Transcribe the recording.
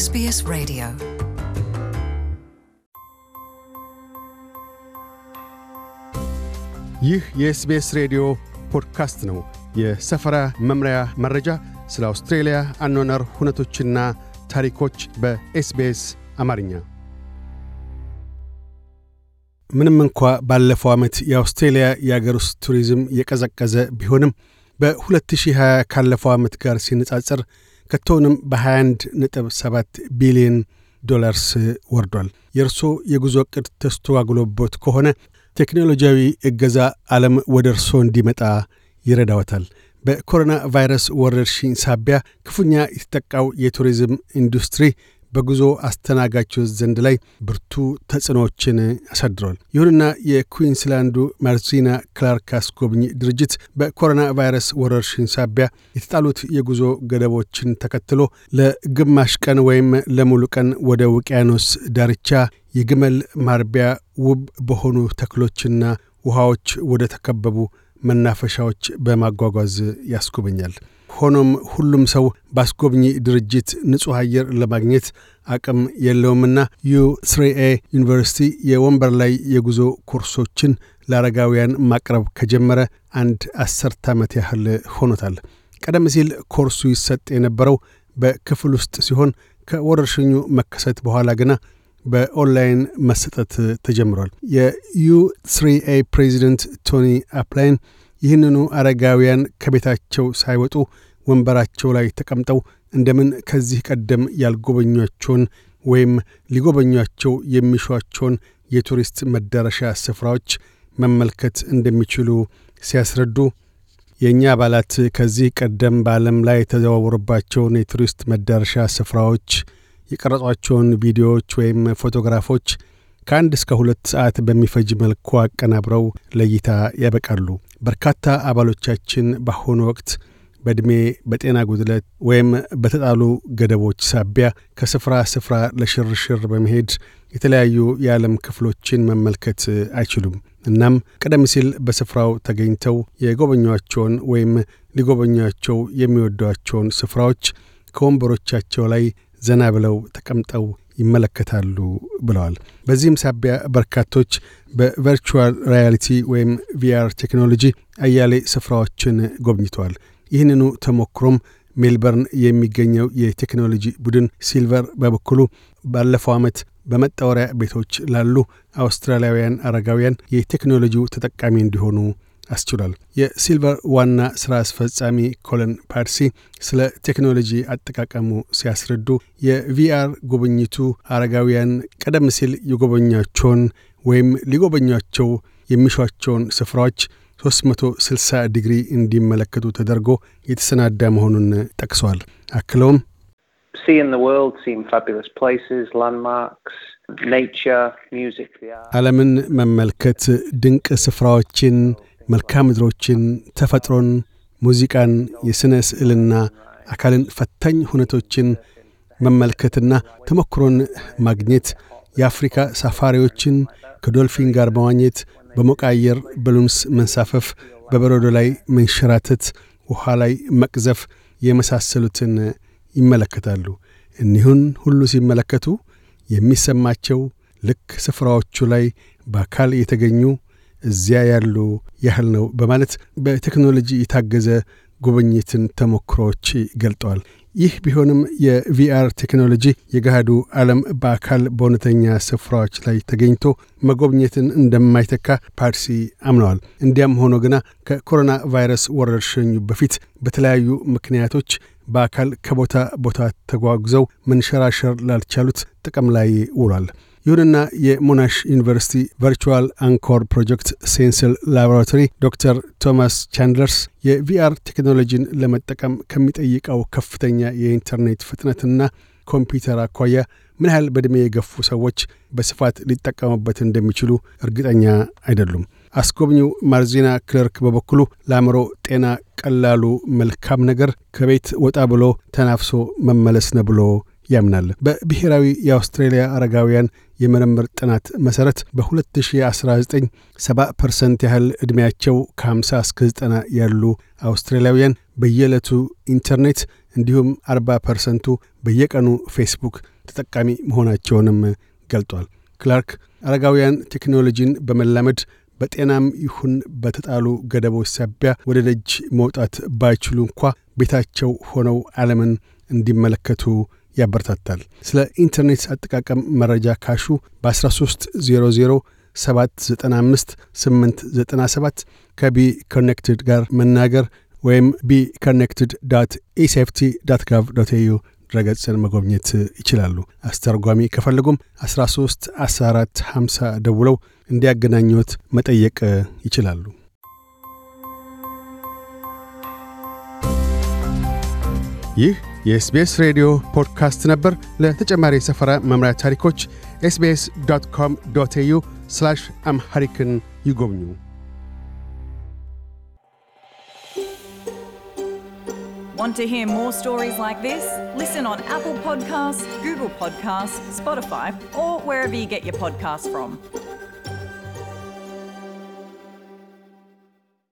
ኤስቢኤስ Radio. ይህ የኤስቢኤስ ሬዲዮ ፖድካስት ነው። የሰፈራ መምሪያ መረጃ፣ ስለ አውስትሬልያ አኗኗር ሁነቶችና ታሪኮች በኤስቢኤስ አማርኛ። ምንም እንኳ ባለፈው ዓመት የአውስትሬልያ የአገር ውስጥ ቱሪዝም የቀዘቀዘ ቢሆንም በ2020 ካለፈው ዓመት ጋር ሲነጻጸር ከቶውንም በ 21 ነጥብ 7 ቢሊዮን ዶላርስ ወርዷል። የእርሶ የጉዞ ዕቅድ ተስተጓጉሎቦት ከሆነ ቴክኖሎጂያዊ እገዛ ዓለም ወደ እርሶ እንዲመጣ ይረዳዎታል። በኮሮና ቫይረስ ወረርሽኝ ሳቢያ ክፉኛ የተጠቃው የቱሪዝም ኢንዱስትሪ በጉዞ አስተናጋቾች ዘንድ ላይ ብርቱ ተጽዕኖዎችን አሳድሯል። ይሁንና የኩዊንስላንዱ ማርዚና ክላርክ አስጎብኝ ድርጅት በኮሮና ቫይረስ ወረርሽኝ ሳቢያ የተጣሉት የጉዞ ገደቦችን ተከትሎ ለግማሽ ቀን ወይም ለሙሉ ቀን ወደ ውቅያኖስ ዳርቻ የግመል ማርቢያ ውብ በሆኑ ተክሎችና ውሃዎች ወደ ተከበቡ መናፈሻዎች በማጓጓዝ ያስጎበኛል። ሆኖም ሁሉም ሰው በአስጎብኚ ድርጅት ንጹሕ አየር ለማግኘት አቅም የለውምና ዩ 3 ዩኒቨርሲቲ የወንበር ላይ የጉዞ ኮርሶችን ለአረጋውያን ማቅረብ ከጀመረ አንድ አሰርተ ዓመት ያህል ሆኖታል። ቀደም ሲል ኮርሱ ይሰጥ የነበረው በክፍል ውስጥ ሲሆን ከወረርሽኙ መከሰት በኋላ ግና በኦንላይን መሰጠት ተጀምሯል። የዩ3ኤ ፕሬዚደንት ቶኒ አፕላይን ይህንኑ አረጋውያን ከቤታቸው ሳይወጡ ወንበራቸው ላይ ተቀምጠው እንደምን ከዚህ ቀደም ያልጎበኟቸውን ወይም ሊጎበኟቸው የሚሿቸውን የቱሪስት መዳረሻ ስፍራዎች መመልከት እንደሚችሉ ሲያስረዱ የእኛ አባላት ከዚህ ቀደም በዓለም ላይ የተዘዋወሩባቸውን የቱሪስት መዳረሻ ስፍራዎች የቀረጿቸውን ቪዲዮዎች ወይም ፎቶግራፎች ከአንድ እስከ ሁለት ሰዓት በሚፈጅ መልኩ አቀናብረው ለእይታ ያበቃሉ። በርካታ አባሎቻችን በአሁኑ ወቅት በዕድሜ በጤና ጉድለት ወይም በተጣሉ ገደቦች ሳቢያ ከስፍራ ስፍራ ለሽርሽር በመሄድ የተለያዩ የዓለም ክፍሎችን መመልከት አይችሉም። እናም ቀደም ሲል በስፍራው ተገኝተው የጎበኟቸውን ወይም ሊጎበኟቸው የሚወዷቸውን ስፍራዎች ከወንበሮቻቸው ላይ ዘና ብለው ተቀምጠው ይመለከታሉ ብለዋል። በዚህም ሳቢያ በርካቶች በቨርቹዋል ሪያሊቲ ወይም ቪአር ቴክኖሎጂ አያሌ ስፍራዎችን ጎብኝተዋል። ይህንኑ ተሞክሮም ሜልበርን የሚገኘው የቴክኖሎጂ ቡድን ሲልቨር በበኩሉ ባለፈው ዓመት በመጣወሪያ ቤቶች ላሉ አውስትራሊያውያን አረጋውያን የቴክኖሎጂው ተጠቃሚ እንዲሆኑ አስችሏል። የሲልቨር ዋና ስራ አስፈጻሚ ኮለን ፓርሲ ስለ ቴክኖሎጂ አጠቃቀሙ ሲያስረዱ የቪአር ጉብኝቱ አረጋውያን ቀደም ሲል የጎበኟቸውን ወይም ሊጎበኟቸው የሚሿቸውን ስፍራዎች 360 ዲግሪ እንዲመለከቱ ተደርጎ የተሰናዳ መሆኑን ጠቅሰዋል። አክለውም ዓለምን መመልከት ድንቅ ስፍራዎችን መልካም ምድሮችን፣ ተፈጥሮን፣ ሙዚቃን፣ የሥነ ስዕልና አካልን ፈታኝ ሁነቶችን መመልከትና ተሞክሮን ማግኘት የአፍሪካ ሳፋሪዎችን ከዶልፊን ጋር መዋኘት፣ በሞቃየር በሉምስ መንሳፈፍ፣ በበረዶ ላይ መንሸራተት፣ ውኃ ላይ መቅዘፍ የመሳሰሉትን ይመለከታሉ። እኒሁን ሁሉ ሲመለከቱ የሚሰማቸው ልክ ስፍራዎቹ ላይ በአካል የተገኙ እዚያ ያሉ ያህል ነው በማለት በቴክኖሎጂ የታገዘ ጉብኝትን ተሞክሮዎች ገልጠዋል። ይህ ቢሆንም የቪአር ቴክኖሎጂ የገሃዱ ዓለም በአካል በእውነተኛ ስፍራዎች ላይ ተገኝቶ መጎብኘትን እንደማይተካ ፓርሲ አምነዋል። እንዲያም ሆኖ ግና ከኮሮና ቫይረስ ወረርሽኙ በፊት በተለያዩ ምክንያቶች በአካል ከቦታ ቦታ ተጓጉዘው መንሸራሸር ላልቻሉት ጥቅም ላይ ውሏል። ይሁንና የሞናሽ ዩኒቨርሲቲ ቨርቹዋል አንኮር ፕሮጀክት ሴንስል ላቦራቶሪ ዶክተር ቶማስ ቻንድለርስ የቪአር ቴክኖሎጂን ለመጠቀም ከሚጠይቀው ከፍተኛ የኢንተርኔት ፍጥነትና ኮምፒውተር አኳያ ምን ያህል በዕድሜ የገፉ ሰዎች በስፋት ሊጠቀሙበት እንደሚችሉ እርግጠኛ አይደሉም። አስጎብኚው ማርዚና ክለርክ በበኩሉ ለአእምሮ ጤና ቀላሉ መልካም ነገር ከቤት ወጣ ብሎ ተናፍሶ መመለስ ነ ብሎ ያምናል። በብሔራዊ የአውስትሬልያ አረጋውያን የምርምር ጥናት መሠረት በ2019 70 ፐርሰንት ያህል ዕድሜያቸው ከ50 እስከ 90 ያሉ አውስትራሊያውያን በየዕለቱ ኢንተርኔት እንዲሁም 40 ፐርሰንቱ በየቀኑ ፌስቡክ ተጠቃሚ መሆናቸውንም ገልጧል። ክላርክ አረጋውያን ቴክኖሎጂን በመላመድ በጤናም ይሁን በተጣሉ ገደቦች ሳቢያ ወደ ደጅ መውጣት ባይችሉ እንኳ ቤታቸው ሆነው ዓለምን እንዲመለከቱ ያበረታታል። ስለ ኢንተርኔት አጠቃቀም መረጃ ካሹ በ1300 795 897 ከቢ ኮኔክትድ ጋር መናገር ወይም ቢ ኮኔክትድ ዳት ኢሴፍቲ ጋቭ ዶት ኤዩ ድረገጽን መጎብኘት ይችላሉ። አስተርጓሚ ከፈለጉም 13 14 50 ደውለው እንዲያገናኙት መጠየቅ ይችላሉ። ይህ የኤስቢኤስ ሬዲዮ ፖድካስት ነበር። ለተጨማሪ የሰፈራ መምሪያ ታሪኮች ኤስቢኤስ ዶት ኮም ዶት ኤዩ አምሐሪክን ይጎብኙ። Want to hear more stories like this? Listen on Apple Podcasts, Google Podcasts, Spotify, or wherever you get your podcasts from.